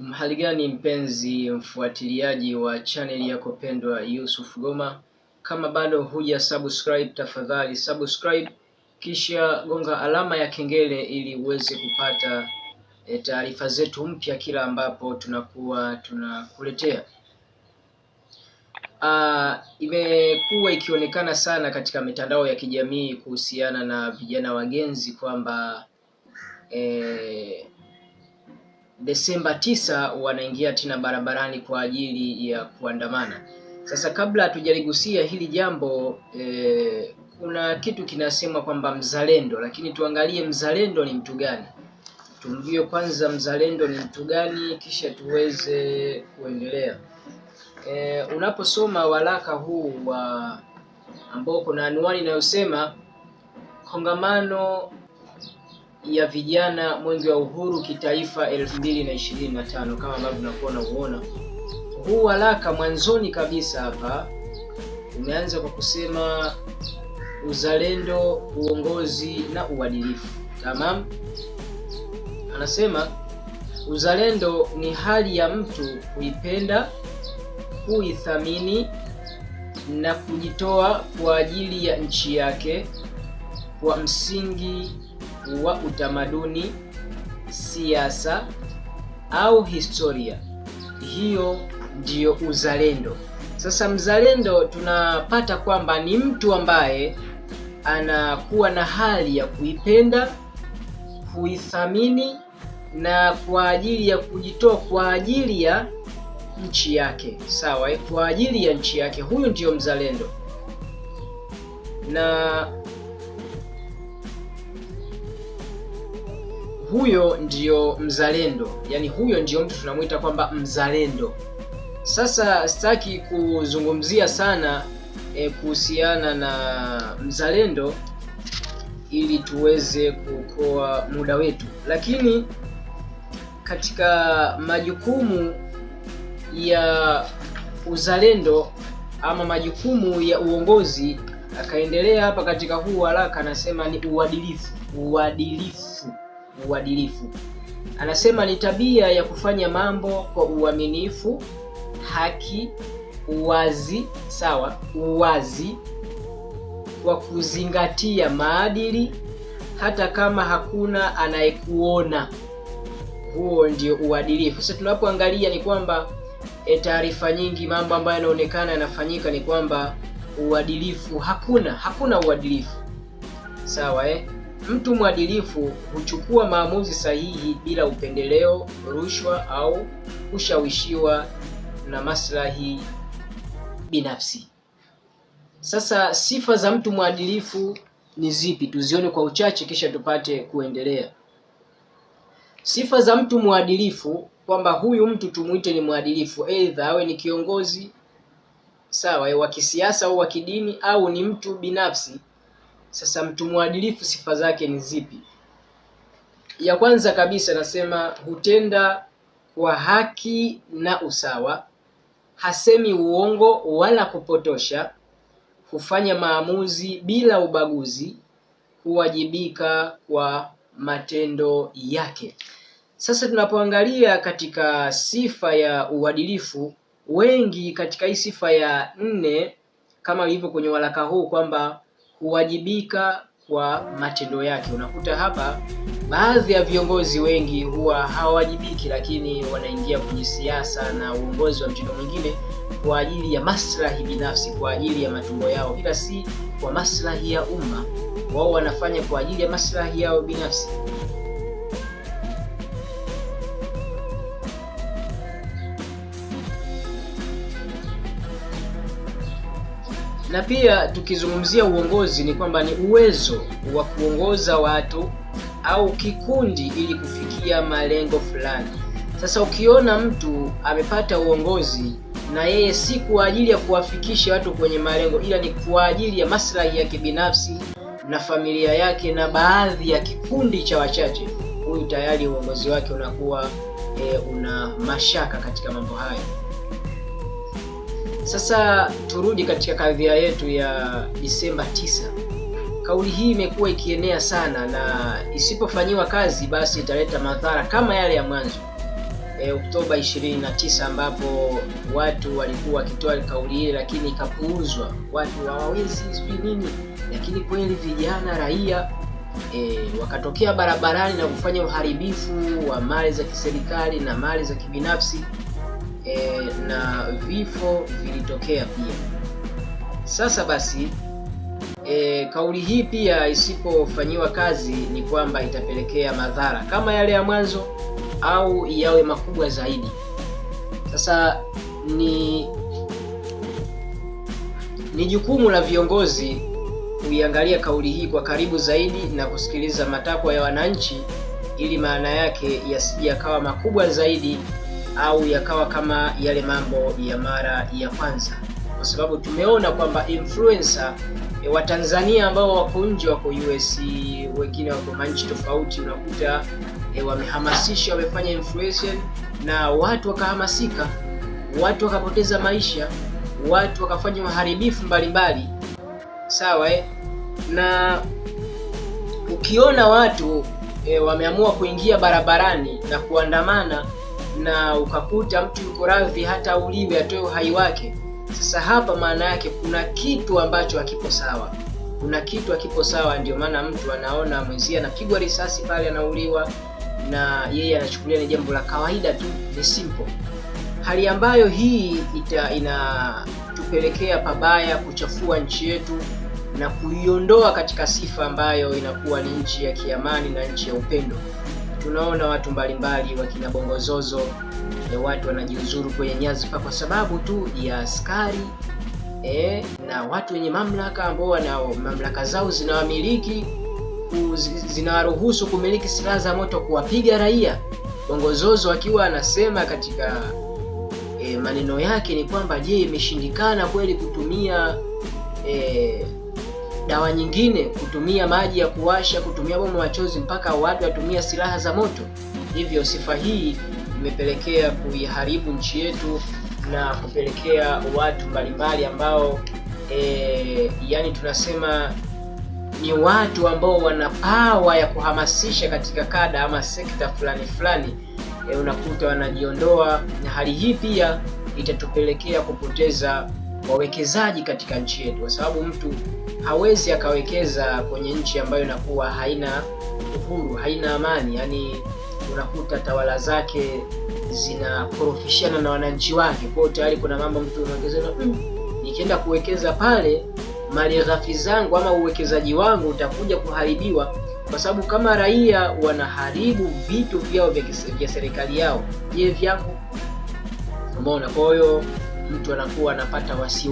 Mhali gani mpenzi mfuatiliaji wa channel yako pendwa Yusuf Goma, kama bado huja subscribe, tafadhali subscribe, kisha gonga alama ya kengele ili uweze kupata e, taarifa zetu mpya kila ambapo tunakuwa tunakuletea. Ah, imekuwa ikionekana sana katika mitandao ya kijamii kuhusiana na vijana wagenzi kwamba eh, Desemba tisa wanaingia tena barabarani kwa ajili ya kuandamana. Sasa kabla hatujaligusia hili jambo e, kuna kitu kinasemwa kwamba mzalendo, lakini tuangalie mzalendo ni mtu gani, tumjue kwanza mzalendo ni mtu gani, kisha tuweze kuendelea. E, unaposoma waraka huu wa ambao kuna anwani inayosema kongamano ya vijana mwenge wa uhuru kitaifa 2025 kama ambavyo unakuwa uona huu waraka mwanzoni kabisa hapa umeanza kwa kusema uzalendo, uongozi na uadilifu. Tamam, anasema uzalendo ni hali ya mtu kuipenda, kuithamini na kujitoa kwa ajili ya nchi yake kwa msingi kuwa utamaduni, siasa au historia. Hiyo ndiyo uzalendo. Sasa mzalendo tunapata kwamba ni mtu ambaye anakuwa na hali ya kuipenda, kuithamini na kwa ajili ya kujitoa kwa ajili ya nchi yake, sawa, eh? kwa ajili ya nchi yake. Huyu ndiyo mzalendo na huyo ndiyo mzalendo, yaani huyo ndiyo mtu tunamwita kwamba mzalendo. Sasa sitaki kuzungumzia sana e, kuhusiana na mzalendo ili tuweze kuokoa muda wetu, lakini katika majukumu ya uzalendo ama majukumu ya uongozi akaendelea hapa katika huu haraka, anasema ni uadilifu. Uadilifu uadilifu. Anasema ni tabia ya kufanya mambo kwa uaminifu, haki, uwazi, sawa, uwazi kwa kuzingatia maadili hata kama hakuna anayekuona. Huo ndio uadilifu. Sasa tunapoangalia ni kwamba e, taarifa nyingi, mambo ambayo yanaonekana yanafanyika ni kwamba uadilifu hakuna, hakuna uadilifu sawa, eh? Mtu mwadilifu huchukua maamuzi sahihi bila upendeleo, rushwa au kushawishiwa na maslahi binafsi. Sasa sifa za mtu mwadilifu ni zipi? Tuzione kwa uchache kisha tupate kuendelea. Sifa za mtu mwadilifu, kwamba huyu mtu tumuite ni mwadilifu, aidha awe ni kiongozi sawa wa kisiasa au wa kidini, au ni mtu binafsi sasa mtu mwadilifu sifa zake ni zipi? Ya kwanza kabisa nasema hutenda kwa haki na usawa, hasemi uongo wala kupotosha, hufanya maamuzi bila ubaguzi, huwajibika kwa matendo yake. Sasa tunapoangalia katika sifa ya uadilifu, wengi katika hii sifa ya nne, kama ilivyo kwenye waraka huu kwamba kuwajibika kwa matendo yake. Unakuta hapa baadhi ya viongozi wengi huwa hawawajibiki, lakini wanaingia kwenye siasa na uongozi wa mtindo mwingine kwa ajili ya maslahi binafsi, kwa ajili ya matumbo yao, ila si kwa maslahi ya umma. Wao wanafanya kwa ajili ya maslahi yao binafsi. na pia tukizungumzia uongozi ni kwamba ni uwezo wa kuongoza watu au kikundi ili kufikia malengo fulani. Sasa ukiona mtu amepata uongozi na yeye si kwa ajili ya kuwafikisha watu kwenye malengo, ila ni kwa ajili ya maslahi yake binafsi na familia yake na baadhi ya kikundi cha wachache, huyu tayari uongozi wake unakuwa e, una mashaka katika mambo hayo. Sasa turudi katika kadhia yetu ya Disemba 9. Kauli hii imekuwa ikienea sana na isipofanyiwa kazi basi italeta madhara kama yale ya mwanzo e, Oktoba 29 ambapo watu walikuwa wakitoa kauli ile, lakini ikapuuzwa, watu hawawezi sijui nini, lakini kweli vijana raia e, wakatokea barabarani na kufanya uharibifu wa mali za kiserikali na mali za kibinafsi e, na vifo vilitokea pia. Sasa basi e, kauli hii pia isipofanyiwa kazi ni kwamba itapelekea madhara kama yale ya mwanzo au yawe makubwa zaidi. Sasa ni ni jukumu la viongozi kuiangalia kauli hii kwa karibu zaidi na kusikiliza matakwa ya wananchi ili maana yake yasije yakawa makubwa zaidi au yakawa kama yale mambo ya mara ya kwanza, kwa sababu tumeona kwamba influencer e, wa Tanzania ambao wako nje, wako US, wengine wako manchi tofauti, unakuta e, wamehamasisha, wamefanya influencer na watu wakahamasika, watu wakapoteza maisha, watu wakafanya uharibifu mbalimbali, sawa eh? na ukiona watu e, wameamua kuingia barabarani na kuandamana na ukakuta mtu yuko radhi hata uliwe atoe uhai wake. Sasa hapa maana yake kuna kitu ambacho hakipo sawa, kuna kitu hakipo sawa. Ndio maana mtu anaona mwenzie anapigwa risasi pale, anauliwa na yeye anachukulia ni jambo la kawaida tu, ni simple, hali ambayo hii ita inatupelekea pabaya kuchafua nchi yetu na kuiondoa katika sifa ambayo inakuwa ni nchi ya kiamani na nchi ya upendo tunaona watu mbalimbali wakina bongozozo e, eh, watu wanajiuzuru kwenye nyadhifa kwa sababu tu ya askari e, na watu wenye mamlaka ambao wana mamlaka zao zinawamiliki zinawaruhusu kumiliki silaha za moto kuwapiga raia. Bongozozo akiwa anasema katika e, maneno yake ni kwamba je, imeshindikana kweli kutumia e, dawa nyingine, kutumia maji ya kuwasha, kutumia bomu machozi, mpaka watu watumia silaha za moto. Hivyo sifa hii imepelekea kuiharibu nchi yetu na kupelekea watu mbalimbali ambao e, yani tunasema ni watu ambao wana pawa ya kuhamasisha katika kada ama sekta fulani fulani, e, unakuta wanajiondoa, na hali hii pia itatupelekea kupoteza wawekezaji katika nchi yetu, kwa sababu mtu hawezi akawekeza kwenye nchi ambayo inakuwa haina uhuru, haina amani. Yani unakuta tawala zake zinakorofishana na wananchi wake, kwao tayari kuna mambo mtu unaongezea, hmm, nikienda kuwekeza pale mali ghafi zangu ama uwekezaji wangu utakuja kuharibiwa, kwa sababu kama raia wanaharibu vitu vyao vya serikali yao, je, vyangu? Umeona? Kwa hiyo mtu anakuwa anapata wasiwasi